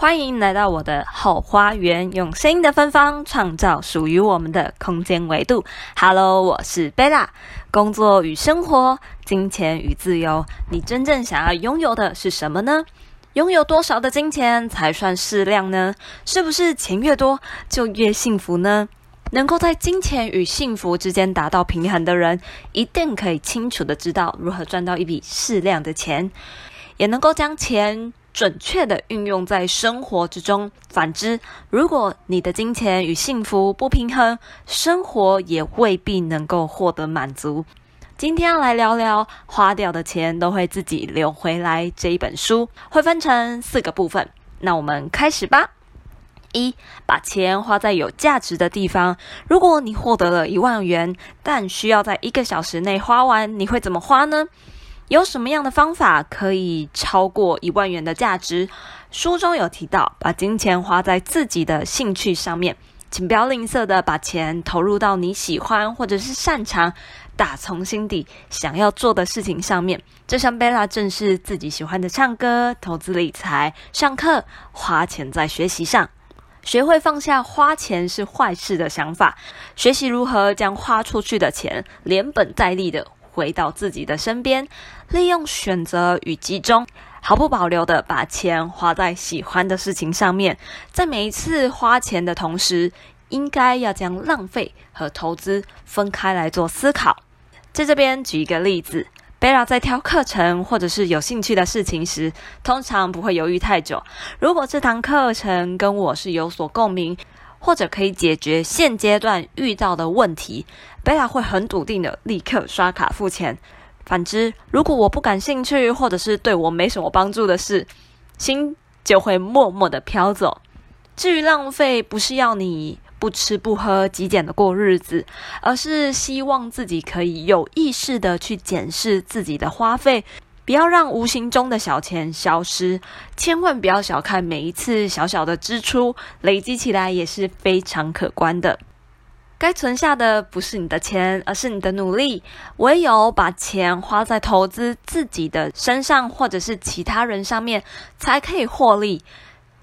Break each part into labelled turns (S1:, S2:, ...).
S1: 歡迎來到我的 Hoo 花園，用聲音的芬芳創造屬於我們的空間維度。Hello，我是 Bella。工作與生活、金錢與自由，你真正想要擁有的是什麼呢？擁有多少的金錢才算適量呢？是不是錢越多就越幸福呢？能夠在金錢與幸福之間達到平衡的人，一定可以清楚地知道如何賺到一筆適量的錢，也能夠將錢準確地運用在生活之中。反之，如果你的金錢與幸福不平衡，生活也未必能夠獲得滿足。今天要來聊聊“花掉的錢都會自己留回來”這一本書，會分成四個部分。那我們開始吧。一，把錢花在有價值的地方。如果你獲得了一萬元，但需要在一個小時內花完，你會怎麼花呢？有什麼樣的方法可以超過一萬元的價值？書中有提到，把金錢花在自己的興趣上面，請不要吝嗇的把錢投入到你喜歡或者是擅長、打從心底想要做的事情上面。這像貝拉，正是自己喜歡的唱歌、投資理財、上課，花錢在學習上。學會放下“花錢是壞事”的想法，學習如何將花出去的錢連本帶利的。回到自己的身邊，利用選擇與集中，毫不保留地把錢花在喜歡的事情上面。在每一次花錢的同時，應該要將浪費和投資分開來做思考。在這邊舉一個例子，貝拉在挑課程或者是有興趣的事情時，通常不會猶豫太久。如果這堂課程跟我是有所共鳴，或者可以解決現階段遇到的問題，貝拉會很篤定的立刻刷卡付錢。反之，如果我不感興趣或者是對我沒什麼幫助的事，心就會默默的飄走。至於浪費，不是要你不吃不喝極簡的過日子，而是希望自己可以有意識的去檢視自己的花費。不要讓無形中的小錢消失，千萬不要小看每一次小小的支出，累積起來也是非常可觀的。該存下的不是你的錢，而是你的努力。唯有把錢花在投資自己的身上，或者是其他人上面，才可以獲利。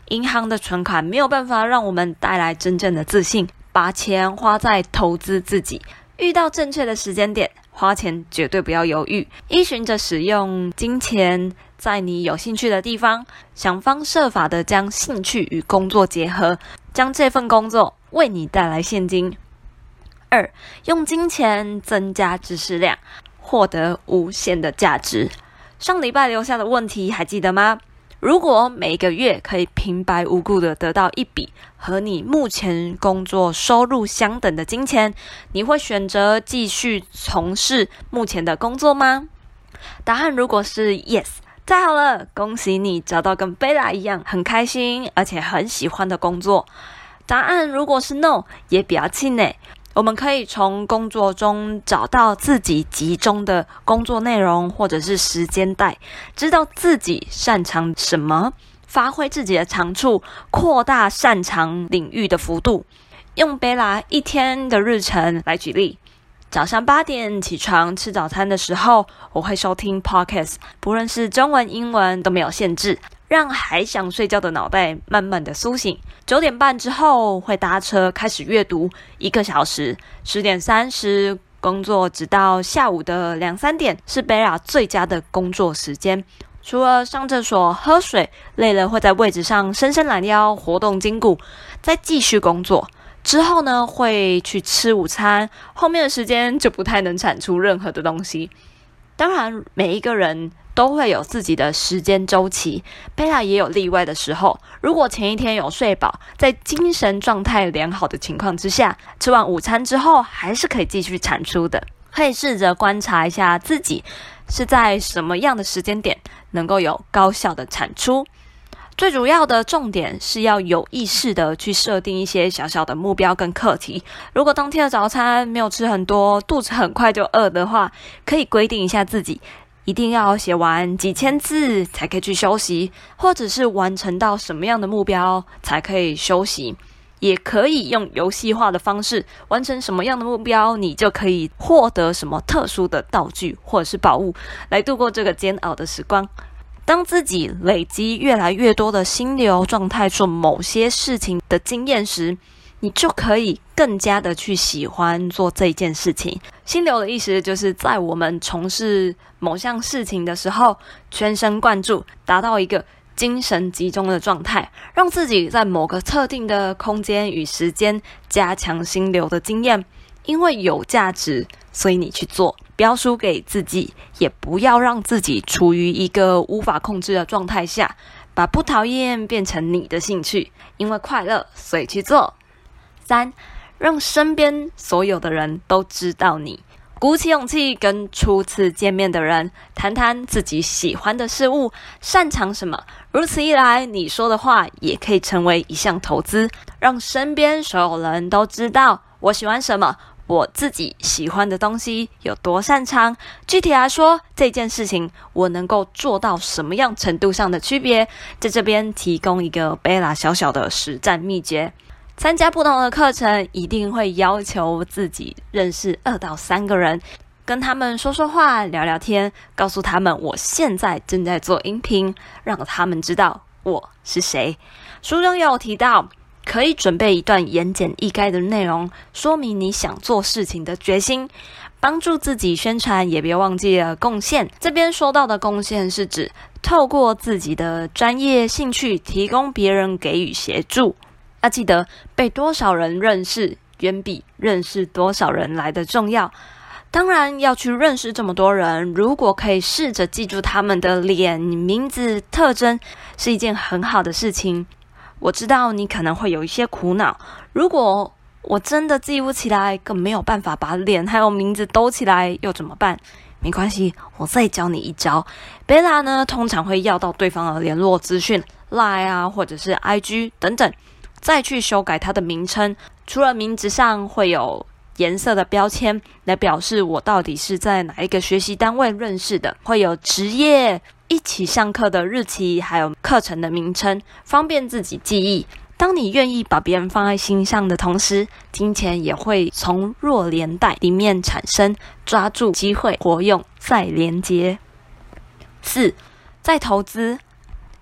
S1: 銀行的存款沒有辦法讓我們帶來真正的自信，把錢花在投資自己，遇到正確的時間點。花錢絕對不要猶豫，一、循着使用金錢，在你有興趣的地方，想方設法地將興趣與工作結合，將這份工作為你帶來現金。二，用金錢增加知識量，獲得無限的價值。上禮拜留下的問題還記得嗎？如果每個月可以平白無故的得到一筆和你目前工作收入相等的金錢，你會選擇繼續從事目前的工作嗎？答案如果是 Yes，太好了，恭喜你找到跟貝拉一樣很開心而且很喜歡的工作。答案如果是 No，也比較氣餒。我們可以從工作中找到自己集中的工作內容，或者是時間帶，知道自己擅長什麼，發揮自己的長處，擴大擅長領域的幅度。用貝拉一天的日程來舉例，早上八點起床吃早餐的時候，我會收聽 podcast，不論是中文、英文都沒有限制。讓還想睡覺的腦袋慢慢的甦醒。九點半之後會搭車開始閱讀一個小時，十點三十工作，直到下午的兩三點是貝拉最佳的工作時間。除了上廁所、喝水，累了會在位置上伸伸懶腰，活動筋骨，再繼續工作。之後呢，會去吃午餐，後面的時間就不太能產出任何的東西。當然，每一個人。都會有自己的時間周期，貝拉也有例外的時候。如果前一天有睡飽，在精神狀態良好的情況之下，吃完午餐之後還是可以繼續產出的。可以試着觀察一下自己是在什麼樣的時間點能夠有高效的產出。最主要的重點是要有意識地去設定一些小小的目標跟課題。如果當天的早餐沒有吃很多，肚子很快就餓的話，可以規定一下自己。一定要寫完幾千字才可以去休息，或者是完成到什麼樣的目標才可以休息，也可以用遊戲化的方式完成什麼樣的目標，你就可以獲得什麼特殊的道具或者是寶物來度過這個煎熬的時光。當自己累積越來越多的心流狀態做某些事情的經驗時，你就可以更加的去喜歡做這件事情。心流的意思就是在我們從事某項事情的時候，全神貫注，達到一個精神集中的狀態，讓自己在某個特定的空間與時間加強心流的經驗。因為有價值，所以你去做，不要輸給自己，也不要讓自己處於一個無法控制的狀態下。把不討厭變成你的興趣，因為快樂，所以去做。三，讓身邊所有的人都知道你。鼓起勇氣跟初次見面的人談談自己喜歡的事物，擅長什麼。如此一來，你說的話也可以成為一項投資，讓身邊所有人都知道我喜歡什麼，我自己喜歡的東西有多擅長。具體來說，這件事情我能夠做到什麼樣程度上的區別，在這邊提供一個貝拉小小的實戰秘訣。參加不同的課程，一定會要求自己認識二到三個人，跟他們說說話、聊聊天，告訴他們我現在正在做音頻，讓他們知道我是誰。書中有提到，可以準備一段言簡意賅的內容，說明你想做事情的決心，幫助自己宣傳，也別忘記了貢獻。這邊說到的貢獻是指透過自己的專業興趣，提供別人給予協助。要、啊、記得被多少人認識，遠比認識多少人來得重要。當然要去認識這麼多人，如果可以試着記住他們的臉、名字、特徵，是一件很好的事情。我知道你可能會有一些苦惱，如果我真的記不起來，更沒有辦法把臉還有名字兜起來，又怎麼辦？沒關係，我再教你一招。貝拉呢，通常會要到對方的聯絡資訊，Line 啊，或者是 IG 等等。再去修改它的名稱，除了名字上會有顏色的標籤來表示我到底是在哪一個學習單位認識的，會有職業、一起上課的日期，還有課程的名稱，方便自己記憶。當你願意把別人放在心上的同時，金錢也會從弱連帶裡面產生。抓住機會，活用再連接。四，再投資，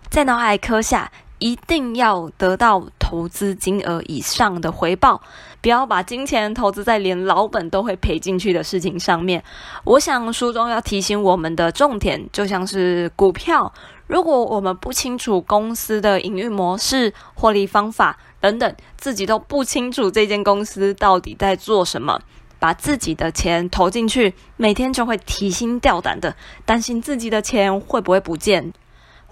S1: 在腦海刻下。一定要得到投資金額以上的回報，不要把金錢投資在連老本都會賠進去的事情上面。我想書中要提醒我們的重點，就像是股票，如果我們不清楚公司的營運模式、獲利方法等等，自己都不清楚這間公司到底在做什麼，把自己的錢投進去，每天就會提心吊膽的，擔心自己的錢會不會不見。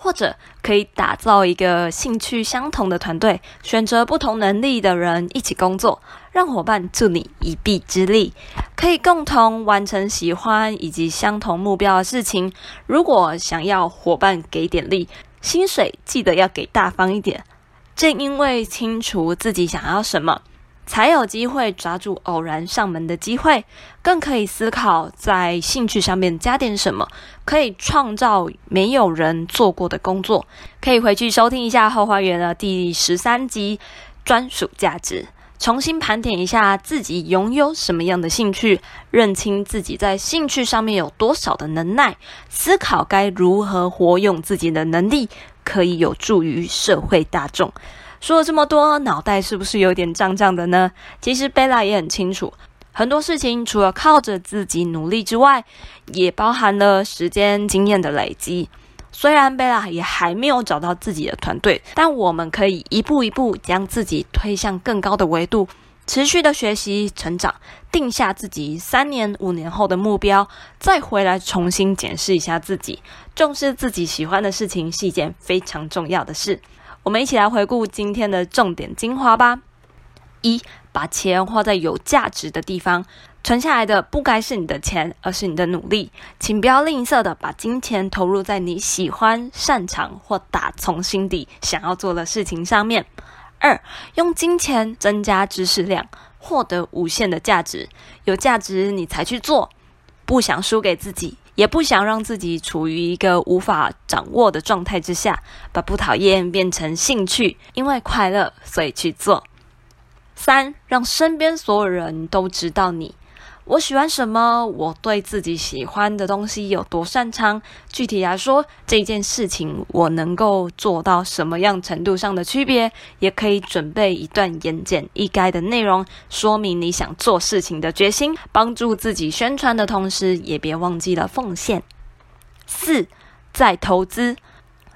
S1: 或者可以打造一個興趣相同的團隊，選擇不同能力的人一起工作，讓夥伴助你一臂之力，可以共同完成喜歡以及相同目標的事情。如果想要夥伴給點力，薪水記得要給大方一點。正因為清楚自己想要什麼，才有機會抓住偶然上門的機會，更可以思考在興趣上面加點什麼，可以創造沒有人做過的工作。可以回去收聽一下《後花園》的第十三集《專屬價值》，重新盤點一下自己擁有什麼樣的興趣，認清自己在興趣上面有多少的能耐，思考該如何活用自己的能力，可以有助於社會大眾。說了這麼多，腦袋是不是有點脹脹的呢？其實貝拉也很清楚，很多事情除了靠着自己努力之外，也包含了時間經驗的累積。雖然貝拉也還沒有找到自己的團隊，但我們可以一步一步將自己推向更高的維度，持續的學習成長，定下自己三年五年後的目標，再回來重新檢視一下自己，重視自己喜歡的事情是一件非常重要的事。我們一起來回顧今天的重點精華吧。一，把錢花在有價值的地方，存下來的不該是你的錢，而是你的努力。請不要吝嗇的把金錢投入在你喜歡、擅長或打從心底想要做的事情上面。二，用金錢增加知識量，獲得無限的價值。有價值你才去做，不想輸給自己。也不想讓自己處於一個無法掌握的狀態之下，把不討厭變成興趣，因為快樂，所以去做。三，讓身邊所有人都知道你。我喜歡什麼？我對自己喜歡的東西有多擅長？具體來說，這件事情我能夠做到什麼樣程度上的區別？也可以準備一段言簡意賅的內容，說明你想做事情的決心，幫助自己宣傳的同時，也別忘記了奉獻。四，再投資。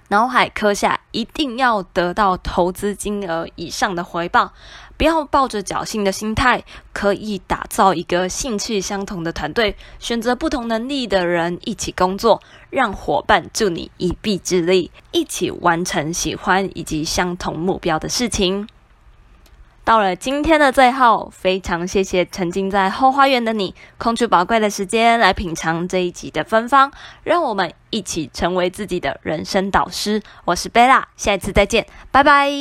S1: 腦海刻下一定要得到投資金額以上的回報，不要抱着僥倖的心態。可以打造一個興趣相同的團隊，選擇不同能力的人一起工作，讓夥伴助你一臂之力，一起完成喜歡以及相同目標的事情。到了今天的最後，非常謝謝沉浸在 Hoo 花園的你，空出寶貴的時間來品嘗這一集的芬芳，讓我們一起成為自己的人生導師。我是貝拉，下一次再見，拜拜。